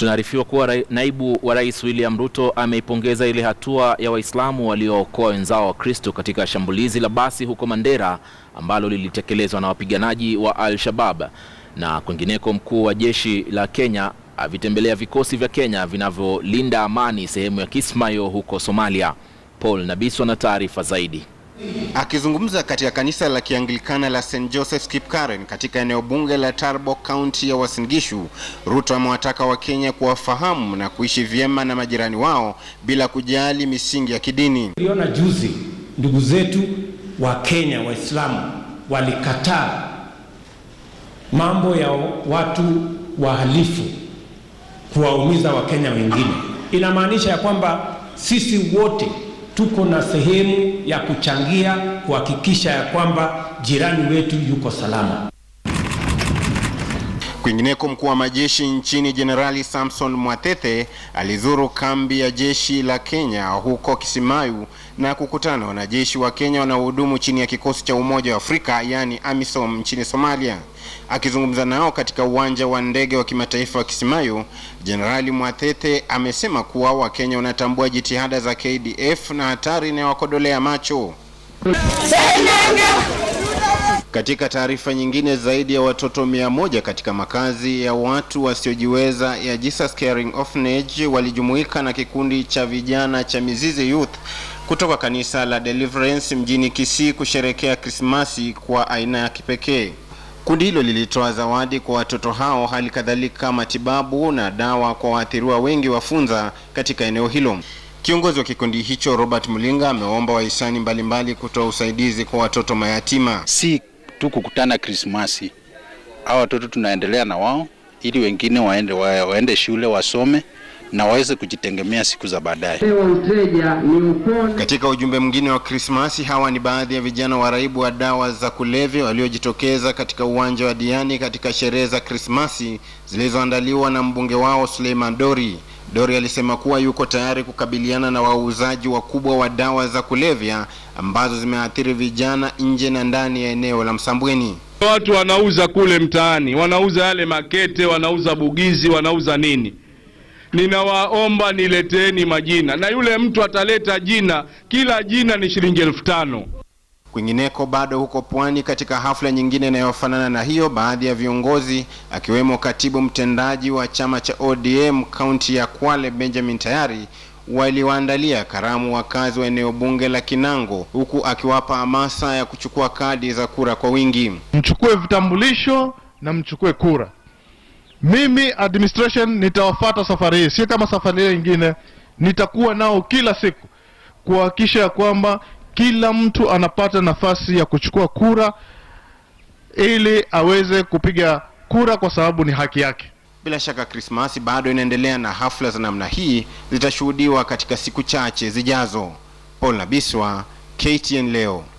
Tunaarifiwa kuwa naibu wa rais William Ruto ameipongeza ile hatua ya Waislamu waliookoa wenzao wa kristo katika shambulizi la basi huko Mandera ambalo lilitekelezwa na wapiganaji wa Al-Shabab. Na kwingineko, mkuu wa jeshi la Kenya avitembelea vikosi vya Kenya vinavyolinda amani sehemu ya Kismayo huko Somalia. Paul Nabiswa na taarifa zaidi. Akizungumza katika kanisa la Kianglikana la St Joseph's Kipkaren katika eneo bunge la tarbo kaunti ya Uasin Gishu, Ruto amewataka Wakenya kuwafahamu na kuishi vyema na majirani wao bila kujali misingi ya kidini. Tuliona juzi ndugu zetu wa Kenya Waislamu walikataa mambo ya watu wahalifu kuwaumiza Wakenya wengine. Inamaanisha ya kwamba sisi wote tuko na sehemu ya kuchangia kuhakikisha ya kwamba jirani wetu yuko salama. Kwingineko, mkuu wa majeshi nchini Jenerali Samson Mwatete alizuru kambi ya jeshi la Kenya huko Kisimayu na kukutana na wanajeshi wa Kenya wanaohudumu chini ya kikosi cha Umoja wa Afrika yaani AMISOM nchini Somalia. Akizungumza nao katika uwanja wa ndege wa kimataifa wa Kisimayu, Jenerali Mwatete amesema kuwa Wakenya wanatambua jitihada za KDF na hatari inayowakodolea macho katika taarifa nyingine, zaidi ya watoto mia moja katika makazi ya watu wasiojiweza ya Jesus Caring Orphanage walijumuika na kikundi cha vijana cha Mizizi Youth kutoka kanisa la Deliverance mjini Kisii kusherekea Krismasi kwa aina ya kipekee. Kundi hilo lilitoa zawadi kwa watoto hao, hali kadhalika matibabu na dawa kwa waathiriwa wengi wa funza katika eneo hilo. Kiongozi wa kikundi hicho Robert Mulinga amewaomba wahisani mbalimbali kutoa usaidizi kwa watoto mayatima si tu kukutana Krismasi. Hao watoto tunaendelea na wao ili wengine waende, waende shule wasome na waweze kujitegemea siku za baadaye. Katika ujumbe mwingine wa Krismasi, hawa ni baadhi ya vijana waraibu wa dawa za kulevya waliojitokeza katika uwanja wa Diani katika sherehe za Krismasi zilizoandaliwa na mbunge wao Suleiman Dori. Dori alisema kuwa yuko tayari kukabiliana na wauzaji wakubwa wa dawa za kulevya ambazo zimeathiri vijana nje na ndani ya eneo la Msambweni. Watu wanauza kule mtaani, wanauza yale makete, wanauza bugizi, wanauza nini. Ninawaomba nileteeni majina, na yule mtu ataleta jina, kila jina ni shilingi elfu tano. Kwingineko bado huko Pwani, katika hafla nyingine inayofanana na hiyo, baadhi ya viongozi akiwemo katibu mtendaji wa chama cha ODM kaunti ya Kwale Benjamin Tayari waliwaandalia karamu wakazi wa eneo bunge la Kinango, huku akiwapa hamasa ya kuchukua kadi za kura kwa wingi. Mchukue vitambulisho na mchukue kura. Mimi administration nitawafata safari hii, sio kama safari hiyo nyingine. Nitakuwa nao kila siku kuhakikisha ya kwamba kila mtu anapata nafasi ya kuchukua kura ili aweze kupiga kura kwa sababu ni haki yake. Bila shaka Krismasi bado inaendelea na hafla za namna hii zitashuhudiwa katika siku chache zijazo. Paul Nabiswa, KTN leo.